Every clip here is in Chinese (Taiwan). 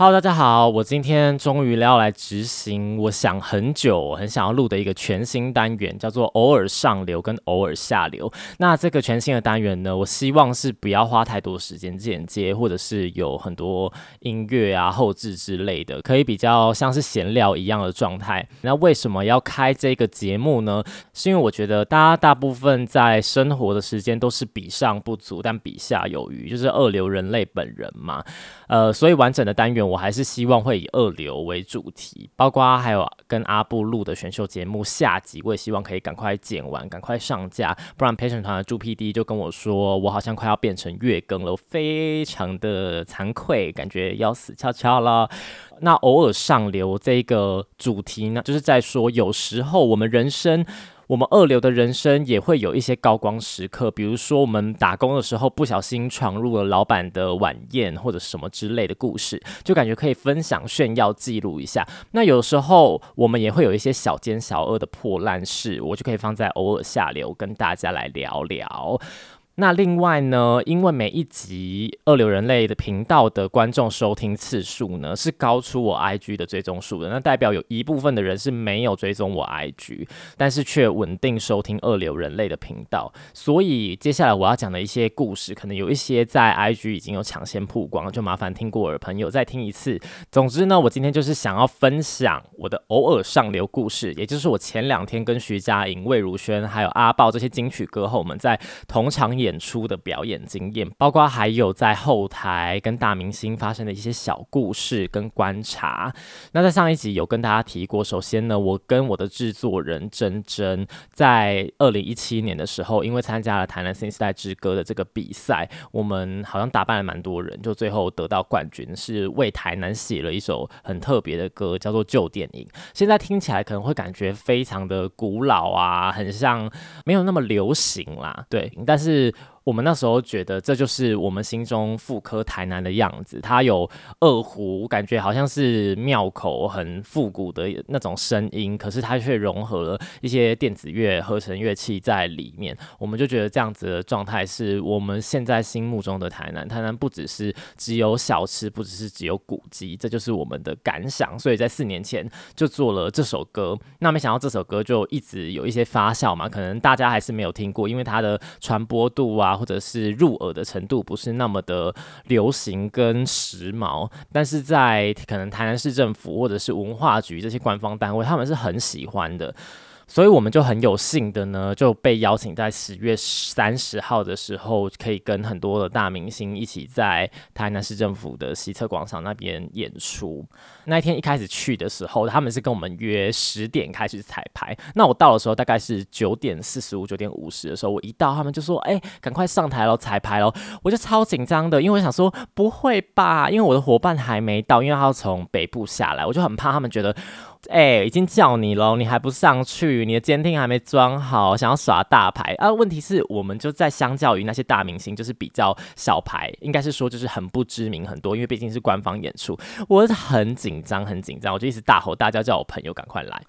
哈嘍，Hello, 大家好，我今天終於要來執行我想很久、很想要錄的一個全新單元，叫做“偶爾上流”跟“偶爾下流”。那這個全新的單元呢，我希望是不要花太多時間剪接，或者是有很多音樂啊、後製之類的，可以比較像是閒聊一樣的狀態。那為什麼要開這個節目呢？是因為我覺得大家大部分在生活的時間都是比上不足，但比下有餘，就是二流人類本人嘛。呃，所以完整的單元。我還是希望會以二流為主題，包括還有跟阿布錄的選秀節目下集，我也希望可以趕快剪完，趕快上架，不然陪審團的朱 PD 就跟我說，我好像快要變成月更了，非常的慚愧，感覺要死翹翹了。那偶爾上流這一個主題呢，就是在說有時候我們人生。我們二流的人生也會有一些高光時刻，比如說我們打工的時候不小心闖入了老闆的晚宴或者什麼之類的故事，就感覺可以分享炫耀記錄一下。那有時候我們也會有一些小奸小惡的破爛事，我就可以放在偶爾下流跟大家來聊聊。那另外呢，因為每一集《二流人類》的頻道的觀眾收聽次數呢，是高出我 IG 的追蹤數的。那代表有一部分的人是沒有追蹤我 IG，但是卻穩定收聽《二流人類》的頻道。所以接下來我要講的一些故事，可能有一些在 IG 已經有搶先曝光，就麻煩聽過耳的朋友再聽一次。總之呢，我今天就是想要分享我的偶爾上流故事，也就是我前兩天跟徐佳瑩、魏如萱還有阿爆這些金曲歌后我們在同場演。演出的表演經驗，包括還有在後台跟大明星發生的一些小故事跟觀察。那在上一集有跟大家提過，首先呢，我跟我的制作人珍珍在二零一七年的時候，因為參加了台南新時代之歌的這個比賽，我們好像打敗了蠻多人，就最後得到冠軍，是為台南寫了一首很特別的歌，叫做《舊電影》。現在聽起來可能會感覺非常的古老啊，很像沒有那麼流行啦、啊，對，但是。我們那時候覺得這就是我們心中復刻台南的樣子。它有二胡，感覺好像是廟口很復古的那種聲音，可是它卻融合了一些電子樂、合成樂器在裡面。我們就覺得這樣子的狀態是我們現在心目中的台南。台南不只是只有小吃，不只是只有古蹟，這就是我們的感想。所以在四年前就做了這首歌。那沒想到這首歌就一直有一些發酵嘛，可能大家還是沒有聽過，因為它的傳播度啊。或者是入耳的程度不是那麼的流行跟時髦，但是在可能台南市政府或者是文化局這些官方單位，他們是很喜歡的。所以我們就很有幸的呢，就被邀請在十月三十號的時候，可以跟很多的大明星一起在台南市政府的西側廣場那邊演出。那一天一開始去的時候，他們是跟我們約十點開始彩排。那我到的時候大概是九點四十五、九點五十的時候，我一到，他們就說：“哎、欸，趕快上台嘍，彩排嘍！”我就超緊張的，因為我想說不會吧，因為我的夥伴還沒到，因為他要從北部下來，我就很怕他們覺得。誒、欸，已經叫你了，你還不上去？你的監聽還沒裝好，想要耍大牌啊？問題是，我們就在相較於那些大明星，就是比較小牌，應該是說就是很不知名很多，因為畢竟是官方演出，我很緊張，很緊張，我就一直大吼大叫，叫我朋友趕快來。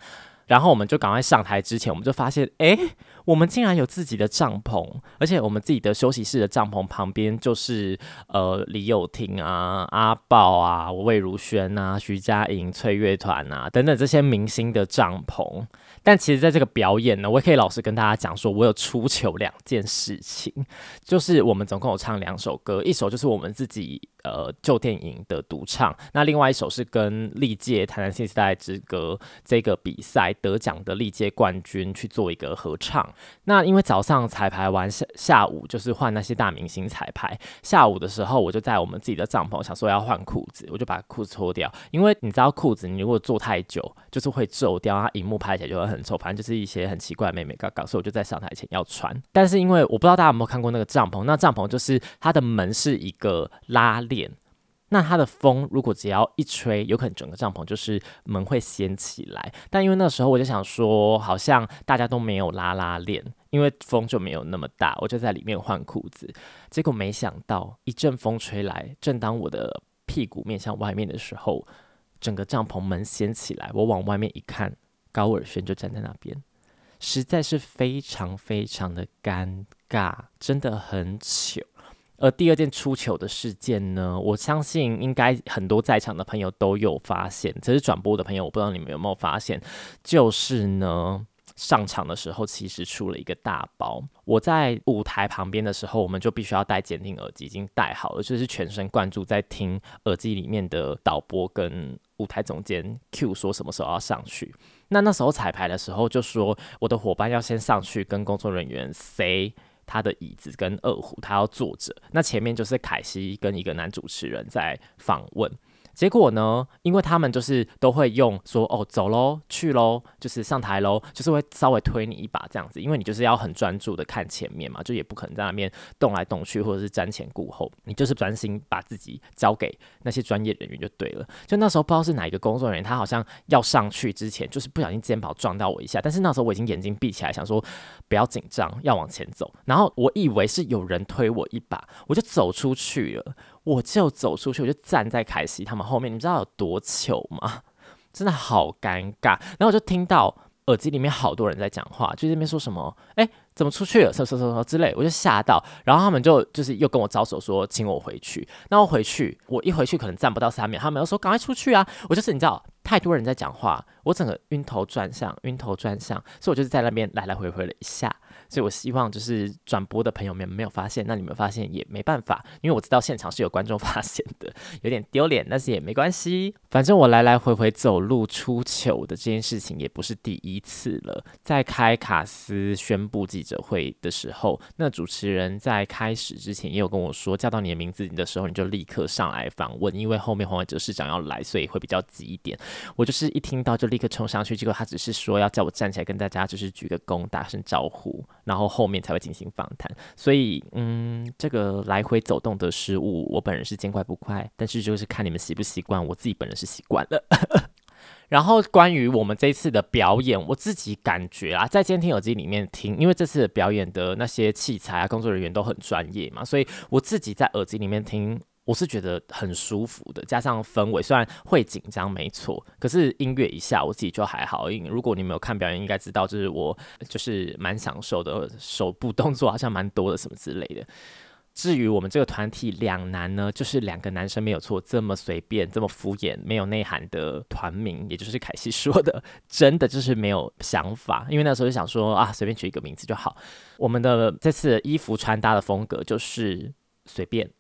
然後我們就趕快上台之前，我們就發現，哎，我們竟然有自己的帳篷，而且我們自己的休息室的帳篷旁邊就是，呃，李友廷啊、阿爆啊、魏如萱啊、徐佳瑩、脆樂團啊等等這些明星的帳篷。但其實，在這個表演呢，我也可以老實跟大家講說，我有出糗兩件事情，就是我們總共有唱兩首歌，一首就是我們自己。呃，舊電影的獨唱。那另外一首是跟歷屆《台南新時代之歌》這個比賽得獎的歷屆冠軍去做一個合唱。那因為早上彩排完，下下午就是換那些大明星彩排。下午的時候，我就在我們自己的帳篷，想說要換褲子，我就把褲子脫掉。因為你知道褲子，你如果坐太久，就是會皺掉，它熒幕拍起來就會很臭。反正就是一些很奇怪、美美嘎嘎。所以我就在上台前要穿。但是因為我不知道大家有沒有看過那個帳篷，那帳篷就是它的門是一個拉。簾，那它的風如果只要一吹，有可能整個帳篷就是門會掀起來。但因為那時候我就想說，好像大家都沒有拉拉鏈，因為風就沒有那麼大，我就在裡面換褲子。結果沒想到一陣風吹來，正當我的屁股面向外面的時候，整個帳篷門掀起來。我往外面一看，高爾宣就站在那邊，實在是非常非常的尷尬，真的很糗。而第二件出糗的事件呢，我相信應該很多在場的朋友都有發現，只是轉播的朋友我不知道你們有沒有發現，就是呢上場的時候其實出了一個大包。我在舞台旁邊的時候，我們就必須要戴監聽耳機，已經戴好了，就是全神貫注在聽耳機裡面的導播跟舞台總監 Q 說什麼時候要上去。那那時候彩排的時候就說我的夥伴要先上去跟工作人員 say。他的椅子跟二胡，他要坐着。那前面就是凱西跟一個男主持人在訪問。結果呢？因為他們就是都會用說哦，走嘍，去嘍，就是上台嘍，就是會稍微推你一把這樣子，因為你就是要很專注的看前面嘛，就也不可能在那邊動來動去或者是瞻前顧後，你就是專心把自己交給那些專業人員就對了。就那時候不知道是哪一個工作人員，他好像要上去之前就是不小心肩膀撞到我一下，但是那時候我已經眼睛閉起來，想說不要緊張，要往前走。然後我以為是有人推我一把，我就走出去了。我就走出去，我就站在凱西他們後面，你知道有多糗嗎？真的好尷尬。然後我就聽到耳機裡面好多人在講話，就那邊說什麼，誒。怎麼出去了？說說說說之類，我就嚇到，然後他們就就是又跟我招手說請我回去，那我回去，我一回去可能站不到三秒，他們又說趕快出去啊！我就是你知道，太多人在講話，我整個暈頭轉向，暈頭轉向，所以我就是在那邊來來回回了一下。所以我希望就是轉播的朋友們沒有發現，那你們發現也沒辦法，因為我知道現場是有觀眾發現的，有點丟臉，但是也沒關係，反正我來來回回走路出糗的這件事情也不是第一次了，在開卡斯宣布自己記者會的時候，那主持人在開始之前也有跟我說，叫到你的名字的時候，你就立刻上來訪問，因為後面黃偉哲市長要來，所以會比較急一點。我就是一聽到就立刻衝上去，結果他只是說要叫我站起來跟大家就是鞠個躬，打聲招呼，然後後面才會進行訪談。所以，嗯，這個來回走動的失誤，我本人是見怪不怪，但是就是看你們習不習慣，我自己本人是習慣了。 然後關於我們這次的表演，我自己感覺啊，在監聽耳機裡面聽，因為這次的表演的那些器材啊，工作人員都很專業嘛，所以我自己在耳機裡面聽，我是覺得很舒服的。加上氛圍，雖然會緊張，沒錯，可是音樂一下，我自己就還好。因為如果你沒有看表演，應該知道，就是我就是蠻享受的，手部動作好像蠻多的，什麼之類的。至於我們這個團體兩男呢，就是兩個男生沒有錯，這麼隨便、這麼敷衍、沒有內涵的團名，也就是凱西說的，真的就是沒有想法。因為那時候就想說啊，隨便取一個名字就好。我們的這次的衣服穿搭的風格就是隨便。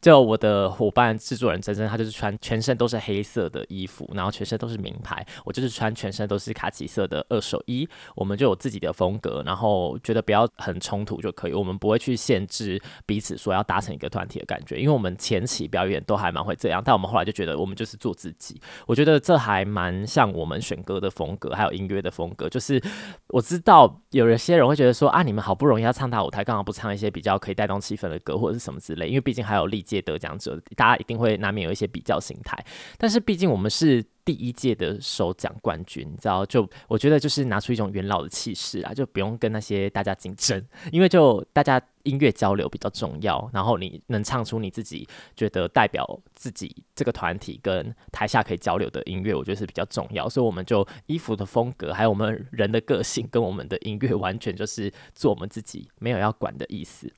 就我的夥伴製作人真真，他就是穿全身都是黑色的衣服，然後全身都是名牌。我就是穿全身都是卡其色的二手衣。我們就有自己的風格，然後覺得不要很衝突就可以。我們不會去限制彼此說要達成一個團體的感覺，因為我們前期表演都還蠻會這樣，但我們後來就覺得我們就是做自己。我覺得這還蠻像我們選歌的風格，還有音樂的風格。就是我知道有一些人會覺得說啊，你們好不容易要唱大舞台，幹嘛不唱一些比較可以帶動氣氛的歌或者是什麼之類？因為畢竟還有。歷屆得獎者，大家一定會難免有一些比較心態，但是畢竟我們是第一屆的首獎冠軍，你知道？就我覺得就是拿出一種元老的氣勢啊，就不用跟那些大家競爭，因為就大家音樂交流比較重要，然後你能唱出你自己覺得代表自己這個團體跟台下可以交流的音樂，我覺得是比較重要。所以我們就衣服的風格，還有我們人的個性跟我們的音樂，完全就是做我們自己，沒有要管的意思。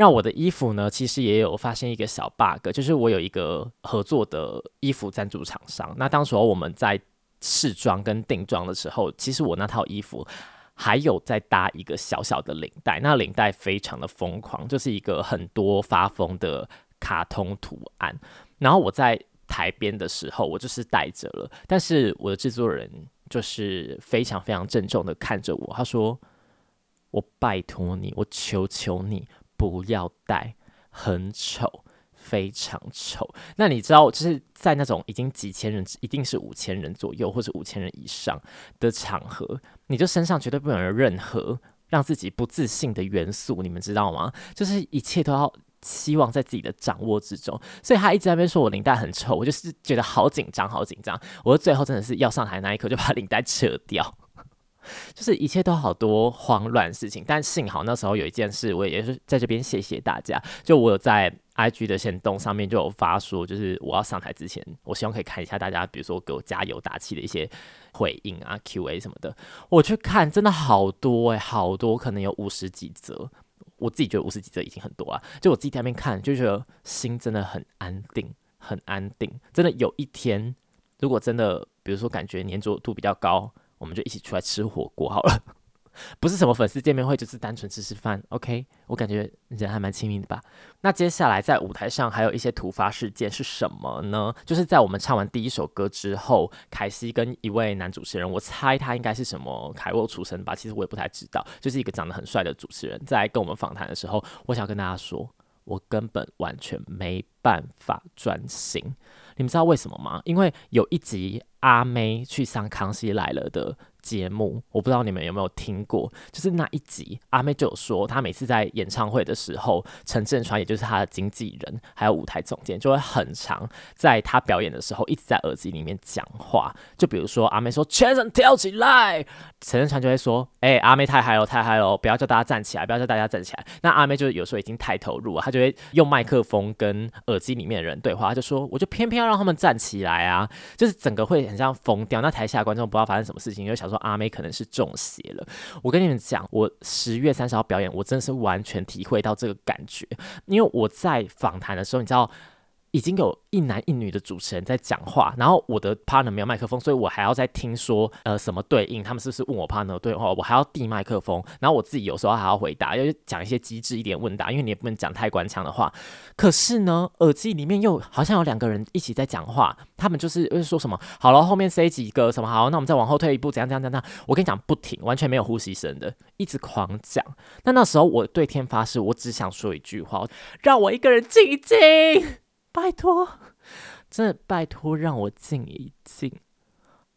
那我的衣服呢？其實也有發現一個小 bug，就是我有一個合作的衣服贊助廠商。那當時候我們在試裝跟定妝的時候，其實我那套衣服還有在搭一個小小的領帶，那領帶非常的瘋狂，就是一個很多發瘋的卡通圖案。然後我在台邊的時候，我就是戴着了，但是我的制作人就是非常非常鄭重地看着我，他說：“我拜托你，我求求你。”不要帶，很醜，非常醜。那你知道，就是在那種已經幾千人，一定是五千人左右或者五千人以上的場合，你就身上絕對不能有任何讓自己不自信的元素。你們知道嗎？就是一切都要期望在自己的掌握之中。所以他一直在那邊說我領帶很醜，我就是覺得好緊張，好緊張。我最後真的是要上台那一刻就把領帶扯掉。就是一切都好多慌亂事情，但幸好那時候有一件事，我也是在這邊謝謝大家。就我有在 I G 的限動上面就有發說，就是我要上台之前，我希望可以看一下大家，比如說給我加油打氣的一些回應啊、Q A 什麼的。我去看，真的好多誒、欸，好多，可能有五十幾則。我自己覺得五十幾則已經很多了、啊。就我自己在那邊看，就覺得心真的很安定，很安定。真的有一天，如果真的比如說感覺黏着度比較高。我們就一起出來吃火鍋好了， 不是什麼粉絲見面會，就是單純吃吃飯。OK，我感覺人還蠻親密的吧。那接下來在舞台上還有一些突發事件是什麼呢？就是在我們唱完第一首歌之後，凱西跟一位男主持人，我猜他應該是什麼？凱渥出身吧？其實我也不太知道，就是一個長得很帥的主持人，在跟我們訪談的時候，我想跟大家說，我根本完全沒辦法專心。你知道為什麼嗎？因為有一集阿妹去上康熙來了的節目我不知道你們有沒有聽過，就是那一集阿妹就有說，她每次在演唱會的時候，陳鎮川也就是她的經紀人，還有舞台總監就會很常，在她表演的時候一直在耳機裡面講話。就比如說阿妹說“全身跳起來”，陳鎮川就會說：“哎、欸，阿妹太嗨了，太嗨了，不要叫大家站起來，不要叫大家站起來。”那阿妹就有時候已經太投入了，她就會用麥克風跟耳機裡面的人對話，她就說：“我就偏偏要讓他們站起來啊！”就是整個會很像瘋掉。那台下觀眾不知道發生什麼事情，因為小。說阿妹可能是中邪了。我跟你們講，我十月三十號表演，我真的是完全體會到這個感覺，因為我在訪談的時候，你知道，已經有一男一女的主持人在講話，然後我的 partner 沒有麥克風，所以我還要再聽說呃什麼對應，他們是不是問我 partner 對話，我還要遞麥克風，然後我自己有時候還要回答，要講一些機智一點問答，因為你也不能講太官腔的話。可是呢，耳機裡面又好像有兩個人一起在講話，他們就是又說什麼好了，後面塞幾個什麼好，那我們再往後退一步，怎樣怎樣怎樣怎樣。我跟你講，不停，完全沒有呼吸聲的，一直狂講。那那時候我對天發誓，我只想說一句話，讓我一個人靜一靜。拜託，真的拜託，讓我靜一靜。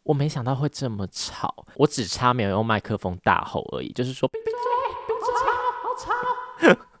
我沒想到會這麼吵，我只差沒有用麥克風大吼而已。就是說，閉嘴，好吵，好吵。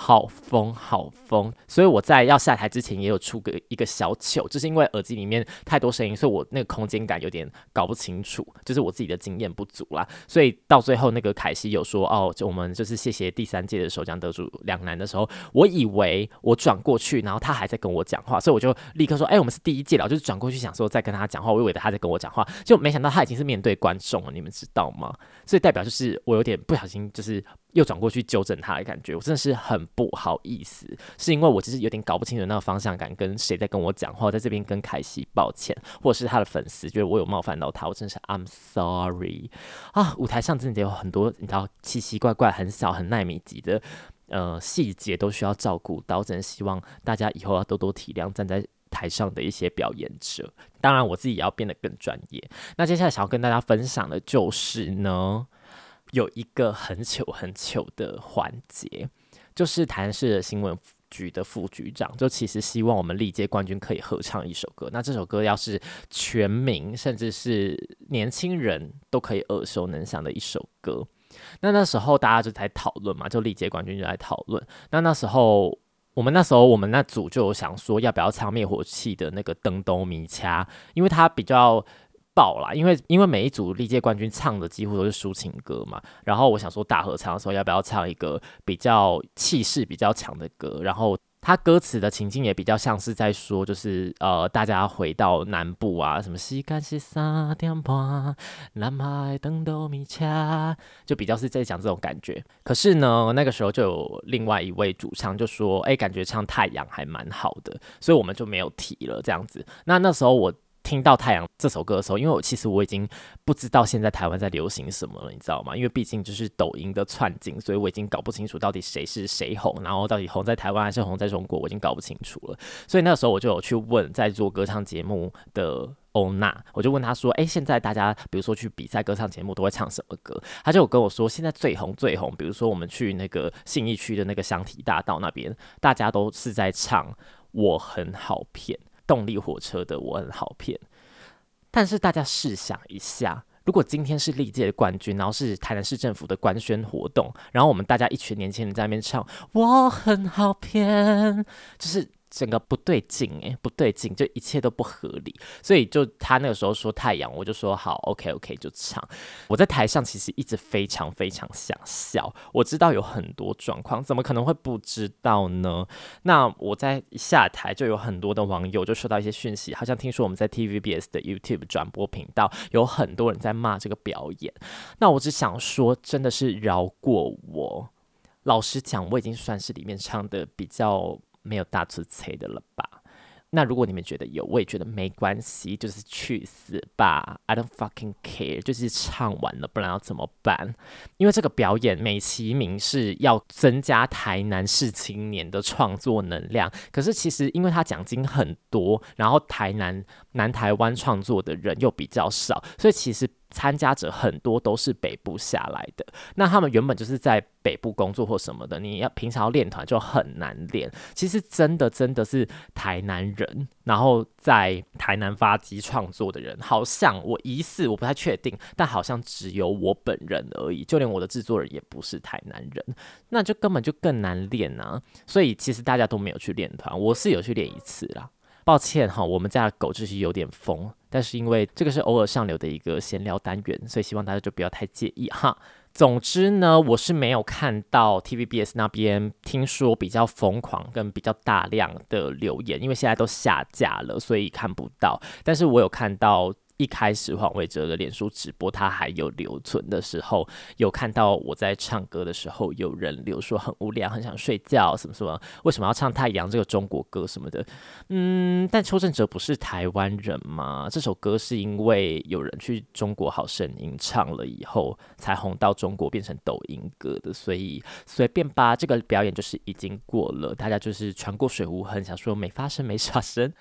好瘋，好瘋！所以我在要下台之前也有出個一個小糗，就是因為耳機裡面太多聲音，所以我那個空間感有點搞不清楚，就是我自己的經驗不足啦。所以到最後，那個凱西有說：“哦，就我們就是謝謝第三屆的首獎得主兩男的時候，我以為我轉過去，然後他還在跟我講話，所以我就立刻說：‘哎、欸，我們是第一屆了’，然後就是轉過去想說再跟他講話，我以為他在跟我講話，就沒想到他已經是面對觀眾了，你們知道嗎？所以代表就是我有點不小心，就是。又轉過去糾正他的感覺，我真的是很不好意思，是因為我其實有點搞不清楚那個方向感，跟誰在跟我講話，在這邊跟凱西抱歉，或者是他的粉絲覺得我有冒犯到他，我真的是 I'm sorry 啊！舞台上真的有很多你知道奇奇怪怪、很小、很奈米級的呃細節都需要照顧到，我真的希望大家以後要多多體諒站在台上的一些表演者，當然我自己也要變得更專業。那接下來想要跟大家分享的就是呢。有一個很糗很糗的環節，就是台灣市的新聞局的副局長，就其實希望我們歷屆冠軍可以合唱一首歌。那這首歌要是全民甚至是年輕人都可以耳熟能詳的一首歌，那那時候大家就在討論嘛，就歷屆冠軍就在討論。那那時候我們那時候我們那組就有想說要不要唱滅火器的那個《燈都米掐》，因為它比較。爆啦，因為因為每一組歷屆冠軍唱的幾乎都是抒情歌嘛，然後我想說大合唱的時候要不要唱一個比較氣勢比較強的歌，然後他歌詞的情境也比較像是在說，就是呃大家回到南部啊，什麼時間是三點半，南海燈都米恰，就比較是在講這種感覺。可是呢，那個時候就有另外一位主唱就說，誒，感覺唱太陽還蠻好的，所以我們就沒有提了這樣子。那那時候我。聽到《太陽》這首歌的時候，因為我其實我已經不知道現在台灣在流行什麼了，你知道嗎？因為畢竟就是抖音的竄進，所以我已經搞不清楚到底誰是誰紅，然後到底紅在台灣還是紅在中國，我已經搞不清楚了。所以那時候我就有去問在做歌唱節目的歐娜，我就問他說：“誒，現在大家比如說去比賽歌唱節目都會唱什麼歌？”他就有跟我說：“現在最紅最紅，比如說我們去那個信義區的那個香堤大道那邊，大家都是在唱《我很好騙》。”動力火車的我很好騙，但是大家試想一下，如果今天是歷屆的冠軍，然後是台南市政府的官宣活動，然後我們大家一群年輕人在那邊唱《我很好騙》，就是。整個不對勁誒、欸，不對勁，就一切都不合理。所以就他那個時候說太陽，我就說好，OK OK 就唱。我在台上其實一直非常非常想笑，我知道有很多狀況，怎麼可能會不知道呢？那我在下台就有很多的網友就收到一些訊息，好像聽說我們在 TVBS 的 YouTube 轉播頻道有很多人在罵這個表演。那我只想說，真的是饒過我。老實講，我已經算是裡面唱得比較。沒有大出差的了吧？那如果你們覺得有，我也覺得沒關係，就是去死吧！I don't fucking care，就是唱完了，不然要怎麼辦？因為這個表演美其名是要增加台南市青年的創作能量，可是其實因為他獎金很多，然後台南南台灣創作的人又比較少，所以其實。參加者很多都是北部下來的，那他們原本就是在北部工作或什麼的，你要平常練團就很難練。其實真的真的是台南人，然後在台南發跡創作的人，好像我疑似我不太確定，但好像只有我本人而已，就連我的製作人也不是台南人，那就根本就更難練啊！所以其實大家都沒有去練團，我是有去練一次啦。抱歉哈，我們家的狗就是有點瘋。但是因為這個是偶爾上流的一個閒聊單元，所以希望大家就不要太介意哈。總之呢，我是沒有看到 TVBS 那邊聽說比較瘋狂跟比較大量的留言，因為現在都下架了，所以看不到。但是我有看到。一開始黃偉哲的臉書直播，他還有留存的時候，有看到我在唱歌的時候，有人留說很無聊，很想睡覺，什麼什麼，為什麼要唱《太陽》這個中國歌什麼的。嗯，但邱振哲不是台灣人嗎？這首歌是因為有人去中國好聲音唱了以後，才紅到中國變成抖音歌的，所以隨便吧，這個表演就是已經過了，大家就是船過水無痕，想說沒發生沒發生。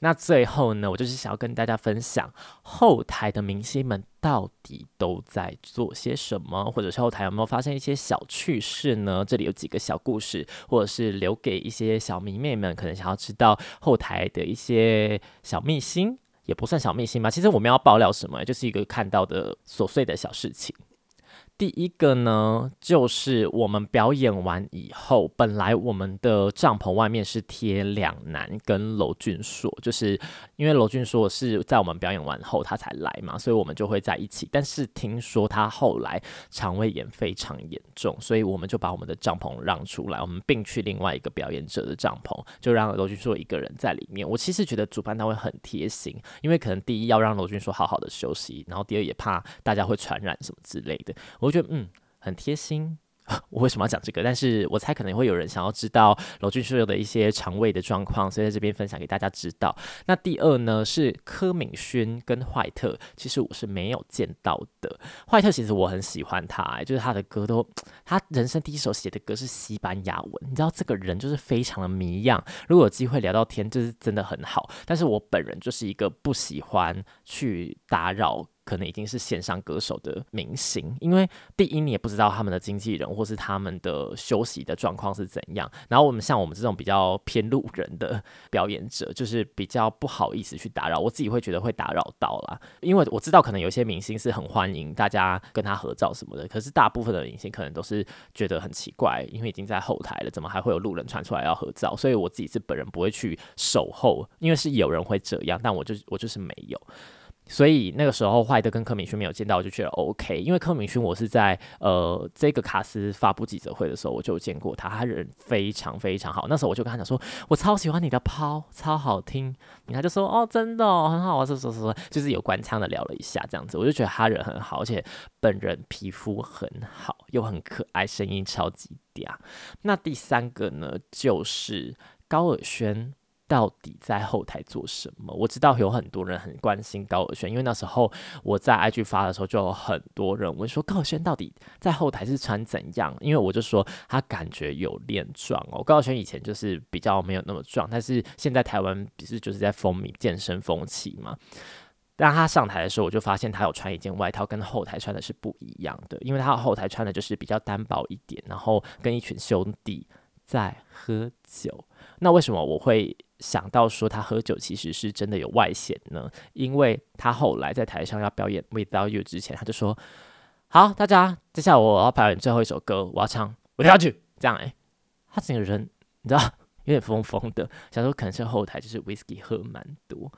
那最後呢，我就是想要跟大家分享。後台的明星們到底都在做些什麼？或者是後台有沒有發生一些小趣事呢？這裡有幾個小故事，或者是留給一些小迷妹們可能想要知道後台的一些小秘辛，也不算小秘辛吧。其實我們要爆料什麼，就是一個看到的瑣碎的小事情。第一個呢，就是我們表演完以後，本來我們的帳篷外面是貼兩男跟婁峻碩，就是因為婁峻碩是在我們表演完後他才來嘛，所以我們就會在一起。但是聽說他後來腸胃炎非常嚴重，所以我們就把我們的帳篷讓出來，我們併去另外一個表演者的帳篷，就讓婁峻碩一個人在裡面。我其實覺得主辦單位很貼心，因為可能第一要讓婁峻碩好好的休息，然後第二也怕大家會傳染什麼之類的。我覺得嗯很貼心，我為什麼要講這個？但是我猜可能會有人想要知道婁峻碩有的一些腸胃的狀況，所以在這邊分享給大家知道。那第二呢是柯敏軒跟壞特，其實我是沒有見到的。壞特其實我很喜歡他，欸，就是他的歌都，他人生第一首寫的歌是西班牙文，你知道這個人就是非常的謎樣。如果有機會聊到天，就是真的很好。但是我本人就是一個不喜歡去打擾。可能已經是線上歌手的明星，因為第一你也不知道他們的經紀人或是他們的休息的狀況是怎樣。然後我們像我們這種比較偏路人的表演者，就是比較不好意思去打擾。我自己會覺得會打擾到啦，因為我知道可能有些明星是很歡迎大家跟他合照什麼的，可是大部分的明星可能都是覺得很奇怪，因為已經在後台了，怎麼還會有路人傳出來要合照？所以我自己是本人不會去守候，因為是有人會這樣，但我就是、我就是沒有。所以那個時候，壞的跟柯明勳沒有見到，我就覺得 OK。因為柯明勳，我是在呃這個卡司發布記者會的時候，我就見過他，他人非常非常好。那時候我就跟他講說，我超喜歡你的拋，超好聽。他就說哦，真的、哦、很好啊，是是是，就是有關腔的聊了一下這樣子，我就覺得他人很好，而且本人皮膚很好，又很可愛，聲音超級嗲。那第三個呢，就是高爾宣。到底在後台做什麼？我知道有很多人很關心高爾宣，因為那時候我在 IG 發的時候，就有很多人問說高爾宣到底在後台是穿怎樣？因為我就說他感覺有練壯哦。高爾宣以前就是比較沒有那麼壯，但是現在台灣不是就是在風靡健身風氣嘛？當他上台的時候，我就發現他有穿一件外套，跟後台穿的是不一樣的，因為他後台穿的就是比較單薄一點，然後跟一群兄弟在喝酒。那為什麼我會？想到說他喝酒其實是真的有外顯呢，因為他後來在台上要表演《Without You》之前，他就說：“好，大家，接下來我要表演最後一首歌，我要唱《Without You》，這樣哎、欸，他整個人你知道有點瘋瘋的，想說可能是後台就是 Whisky 喝蠻多。”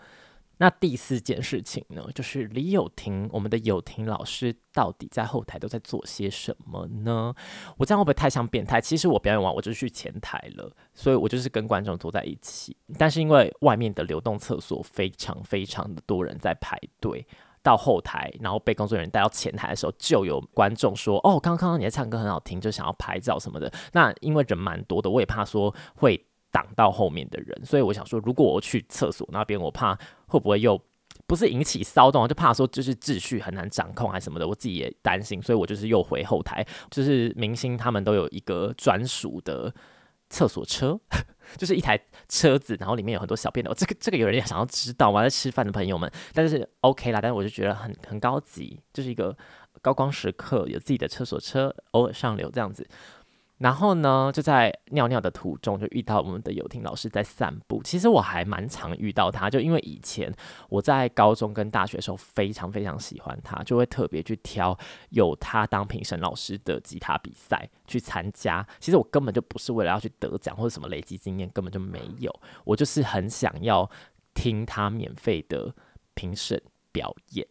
那第四件事情呢，就是李友廷，我們的友廷老師到底在後台都在做些什麼呢？我這樣會不會太像變態？其實我表演完我就去前台了，所以我就是跟觀眾坐在一起。但是因為外面的流動廁所非常非常的多人在排隊，到後台，然後被工作人員帶到前台的時候，就有觀眾說：“哦，剛剛剛剛你在唱歌很好聽，就想要拍照什麼的。”那因為人蠻多的，我也怕說會。擋到後面的人，所以我想說，如果我去廁所那邊，我怕會不會又不是引起騷動，我就怕說就是秩序很難掌控，還是什麼的，我自己也擔心，所以我就是又回後台。就是明星他們都有一個專屬的廁所車，呵呵，就是一台車子，然後裡面有很多小便的。我這個這個有人也想要知道我在吃飯的朋友們，但是 OK 啦，但是我就覺得很很高級，就是一個高光時刻，有自己的廁所車，偶爾上流這樣子。然後呢，就在尿尿的途中就遇到我們的友廷老師在散步。其實我還蠻常遇到他，就因為以前我在高中跟大學的時候非常非常喜歡他，就會特別去挑有他當評審老師的吉他比賽去參加。其實我根本就不是為了要去得獎或者什麼累積經驗，根本就沒有，我就是很想要聽他免費的評審表演。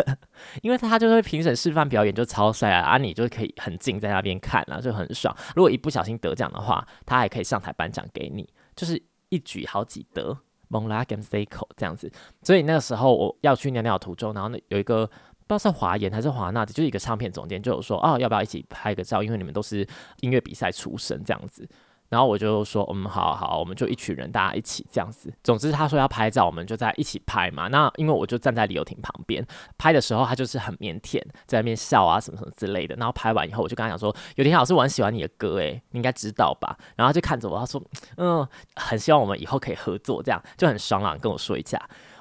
因為他就是評審示範表演就超帥了、啊，啊，你就可以很近在那邊看、啊，然後就很爽。如果一不小心得獎的話，他還可以上台頒獎給你，就是一舉好幾得。m o n a g a 這樣子，所以那個時候我要去尿尿途中，然後呢有一個不知道是華研還是華納的，就一個唱片總監就有說，哦、啊，要不要一起拍個照？因為你們都是音樂比賽出身這樣子。然後我就說，嗯，好好，好，我們就一群人，大家一起這樣子。總之，他說要拍照，我們就在一起拍嘛。那因為我就站在李友廷旁邊，拍的時候他就是很腼腆，在那邊笑啊什麼什麼之類的。然後拍完以後，我就跟他講說，友廷老師，我很喜歡你的歌，誒，你應該知道吧？然後他就看着我，他說，嗯，很希望我們以後可以合作，這樣就很爽朗跟我說一下。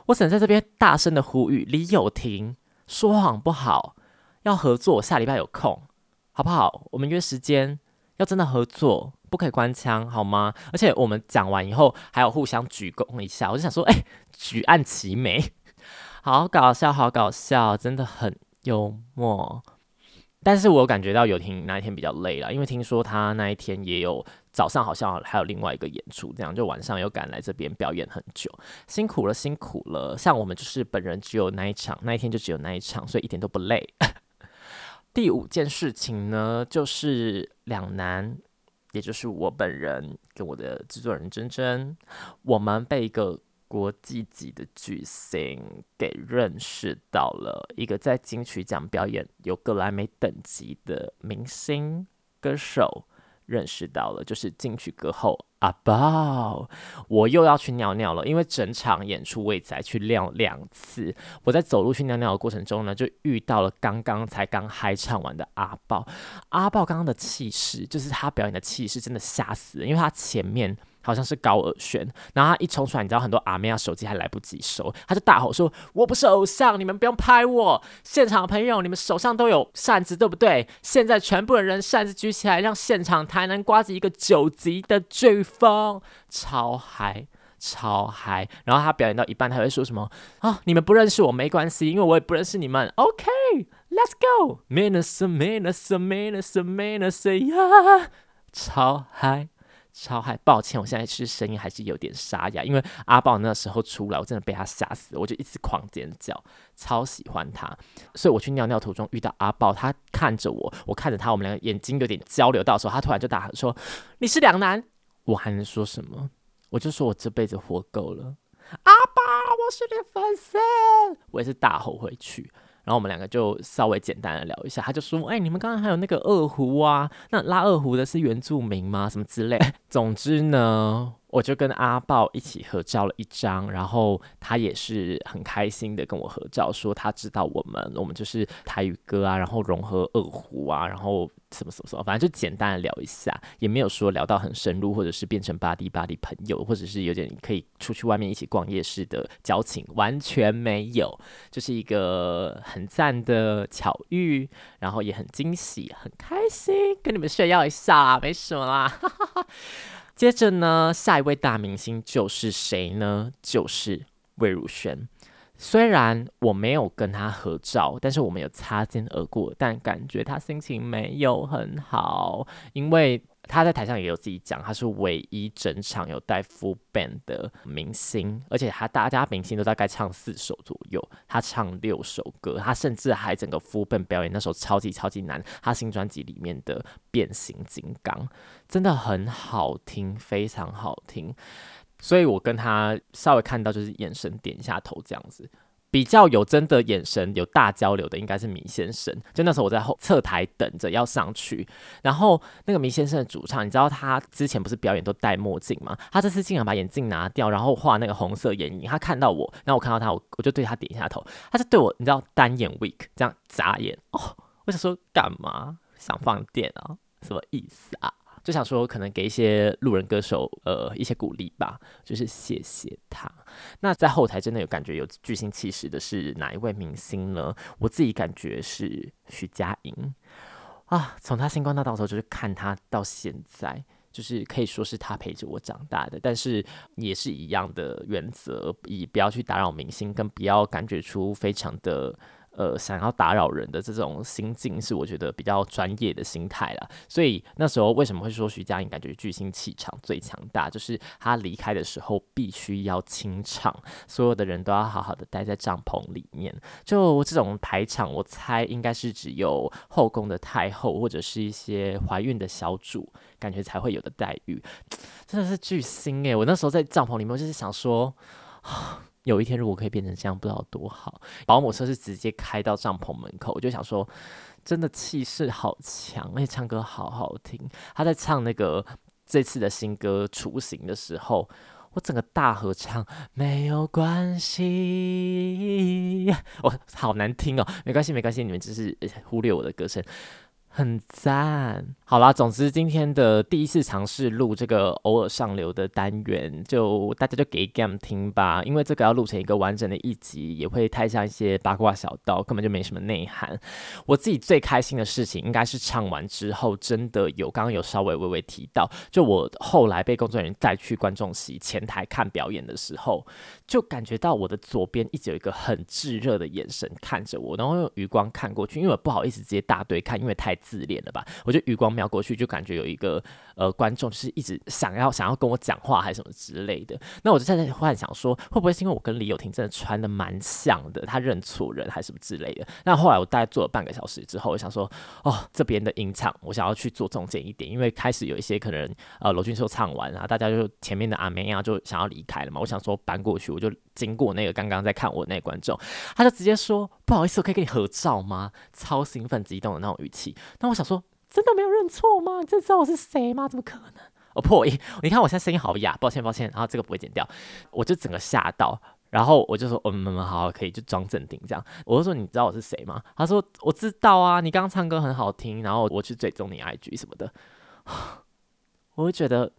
我想在這邊大聲的呼籲，李友廷說謊不好，要合作，下禮拜有空，好不好？我們約時間。要真的合作，不可以官腔好嗎？而且我們講完以後，還要互相鞠躬一下。我就想說，哎、欸，舉案齊眉，好搞笑，好搞笑，真的很幽默。但是我感覺到友廷那一天比較累了，因為聽說他那一天也有早上好像還有另外一個演出，這樣就晚上又趕來這邊表演很久，辛苦了，辛苦了。像我們就是本人只有那一場，那一天就只有那一場，所以一點都不累。第五件事情呢，就是兩男，也就是我本人跟我的製作人珍珍，我們被一個國際級的巨星給認識到了，一個在金曲獎表演有格萊美等級的明星歌手。認識到了，就是金曲歌后阿爆。我又要去尿尿了，因為整場演出未仔去尿兩次。我在走路去尿尿的過程中呢，就遇到了剛剛才剛嗨唱完的阿爆。阿爆剛剛的氣勢，就是他表演的氣勢真的嚇死人，因為他前面。好像是高爾宣，然後他一衝出來，你知道很多阿妹啊手機還來不及收，他就大吼說：“我不是偶像，你們不用拍我。”現場的朋友，你們手上都有扇子對不對？現在全部的人扇子舉起來，讓現場台南颳起一個九級的颶風，超嗨超嗨！然後他表演到一半，他會說什麼啊、哦？你們不認識我沒關係，因為我也不認識你們。OK，let's go，minus，minus，minus，minus，yeah，超嗨。超嗨！抱歉，我現在其實聲音還是有點沙啞，因為阿爆那時候出來，我真的被他嚇死了，我就一直狂尖叫，超喜歡他。所以我去尿尿途中遇到阿爆，他看着我，我看着他，我們兩個眼睛有點交流。到時候他突然就大喊說：“你是兩男，我還能說什麼？”我就說我這輩子活夠了。阿爆，我是你的粉絲，我也是大吼回去。然後我們兩個就稍微簡單的聊一下，他就說：“哎，你們剛剛還有那個二胡啊？那拉二胡的是原住民嗎？什麼之類？ 總之呢。”我就跟阿豹一起合照了一張，然後他也是很開心的跟我合照，說他知道我們，我們就是台語歌啊，然後融合二胡啊，然後什麼什麼什麼，反正就簡單的聊一下，也沒有說聊到很深入，或者是變成巴迪巴迪朋友，或者是有點可以出去外面一起逛夜市的交情，完全沒有，就是一個很讚的巧遇，然後也很驚喜，很開心，跟你們炫耀一下啦，沒什麼啦。哈哈哈哈。接着呢，下一位大明星就是誰呢？就是魏如萱。雖然我沒有跟她合照，但是我們有擦肩而過，但感覺她心情沒有很好，因為。他在台上也有自己講，他是唯一整場有帶 full band 的明星，而且他大家明星都大概唱四首左右，他唱六首歌，他甚至還整個 full band 表演那首超級超級難，他新專輯裡面的《變形金剛》真的很好聽，非常好聽，所以我跟他稍微看到就是眼神點一下頭這樣子。比較有真的眼神、有大交流的應該是麋先生。就那時候我在後側台等着要上去，然後那個麋先生的主唱，你知道他之前不是表演都戴墨鏡嗎？他這次竟然把眼鏡拿掉，然後畫那個紅色眼影。他看到我，然後我看到他，我我就對他點一下頭。他就對我，你知道單眼 weak 這樣眨眼哦。我想說幹嘛？想放電啊？什麼意思啊？就想說，可能給一些路人歌手，呃，一些鼓勵吧，就是謝謝他。那在後台真的有感覺有巨星氣勢的是哪一位明星呢？我自己感覺是徐佳瑩啊，從他星光大道的時候就是看他到現在，就是可以說是他陪着我長大的。但是也是一樣的原則，以不要去打擾明星，更不要感覺出非常的。呃，想要打擾人的這種心境，是我覺得比較專業的心態啦。所以那時候為什麼會說徐佳瑩感覺巨星氣場最強大？就是她離開的時候必須要清場，所有的人都要好好的待在帳篷裡面。就這種排場，我猜應該是只有後宮的太后或者是一些懷孕的小主感覺才會有的待遇。真的是巨星誒，我那時候在帳篷裡面就是想說有一天如果可以變成這樣，不知道有多好。保姆車是直接開到帳篷門口，我就想說，真的氣勢好強，而、欸、且唱歌好好聽。他在唱那個這次的新歌《雛形》的時候，我整個大合唱沒有關係，我、哦、好難聽哦。沒關係，沒關係，你們只、就是、欸、忽略我的歌聲。很贊，好啦，總之今天的第一次嘗試錄這個偶爾上流的單元，就大家就給 Gam 聽吧，因為這個要錄成一個完整的一集，也會太像一些八卦小道，根本就沒什麼內涵。我自己最開心的事情應該是唱完之後，真的有剛剛有稍微微微提到，就我後來被工作人員帶去觀眾席前台看表演的時候，就感覺到我的左邊一直有一個很炙熱的眼神看着我，然後用餘光看過去，因為我不好意思直接大堆看，因為太。自戀了吧？我就餘光瞄過去，就感覺有一個呃觀眾，是一直想要想要跟我講話，還是什麼之類的。那我就在那裡幻想說，會不會是因為我跟李友廷真的穿得蠻像的，他認錯人還是什麼之類的？那後來我大概坐了半個小時之後，我想說，哦，這邊的音場我想要去做中間一點，因為開始有一些可能呃婁峻碩唱完啊，大家就前面的阿妹啊，就想要離開了嘛，我想說搬過去，我就經過那個剛剛在看我的那個觀眾，他就直接說。不好意思，我可以跟你合照嗎？超興奮、激動的那種語氣。那我想說，真的沒有認錯嗎？你真的知道我是誰嗎？怎麼可能？哦，破音！你看我現在聲音好啞，抱歉，抱歉。然後這個不會剪掉，我就整個嚇到。然後我就說，嗯嗯好，好，可以，就裝鎮定這樣。我就說，你知道我是誰嗎？他說，我知道啊，你剛剛唱歌很好聽。然後我去追蹤你 IG 什麼的，我就覺得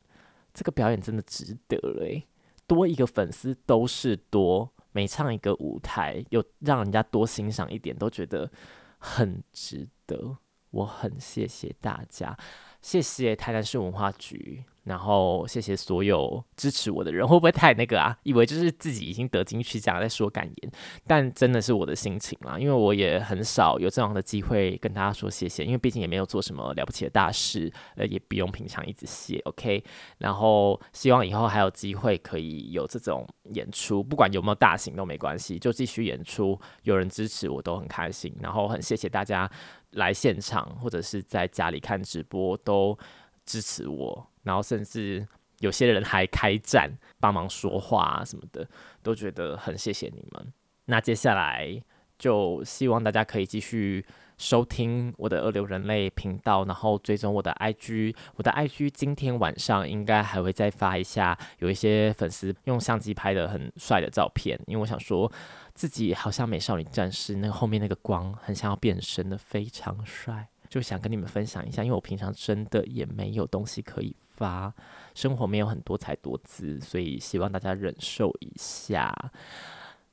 這個表演真的值得嘞，多一個粉絲都是多。每唱一個舞台，又讓人家多欣賞一點，都覺得很值得。我很謝謝大家。謝謝台南市文化局，然後謝謝所有支持我的人，會不會太那個啊？以為就是自己已經得金曲獎在說感言，但真的是我的心情啦，因為我也很少有這樣的機會跟大家說謝謝，因為畢竟也沒有做什麼了不起的大事，呃，也不用平常一直謝，OK。然後希望以後還有機會可以有這種演出，不管有沒有大型都沒關係，就繼續演出，有人支持我都很開心，然後很謝謝大家。來現場或者是在家裡看直播都支持我，然後甚至有些人還開戰幫忙說話什麼的，都覺得很謝謝你們。那接下來就希望大家可以繼續收聽我的二流人類頻道，然後追蹤我的 IG，我的 IG 今天晚上應該還會再發一下有一些粉絲用相機拍的很帥的照片，因為我想說。自己好像美少女戰士，那個後面那個光，很像要變身的，非常帥，就想跟你們分享一下。因為我平常真的也沒有東西可以發，生活沒有很多才多姿，所以希望大家忍受一下。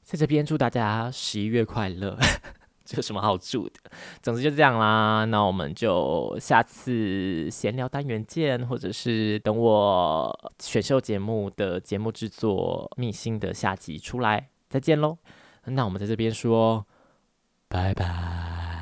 在這邊祝大家十一月快樂，這有什麼好祝的？總之就這樣啦，那我們就下次閒聊單元見，或者是等我選秀節目的節目製作秘辛的下集出來，再見嘍。那我們在這邊說，拜拜。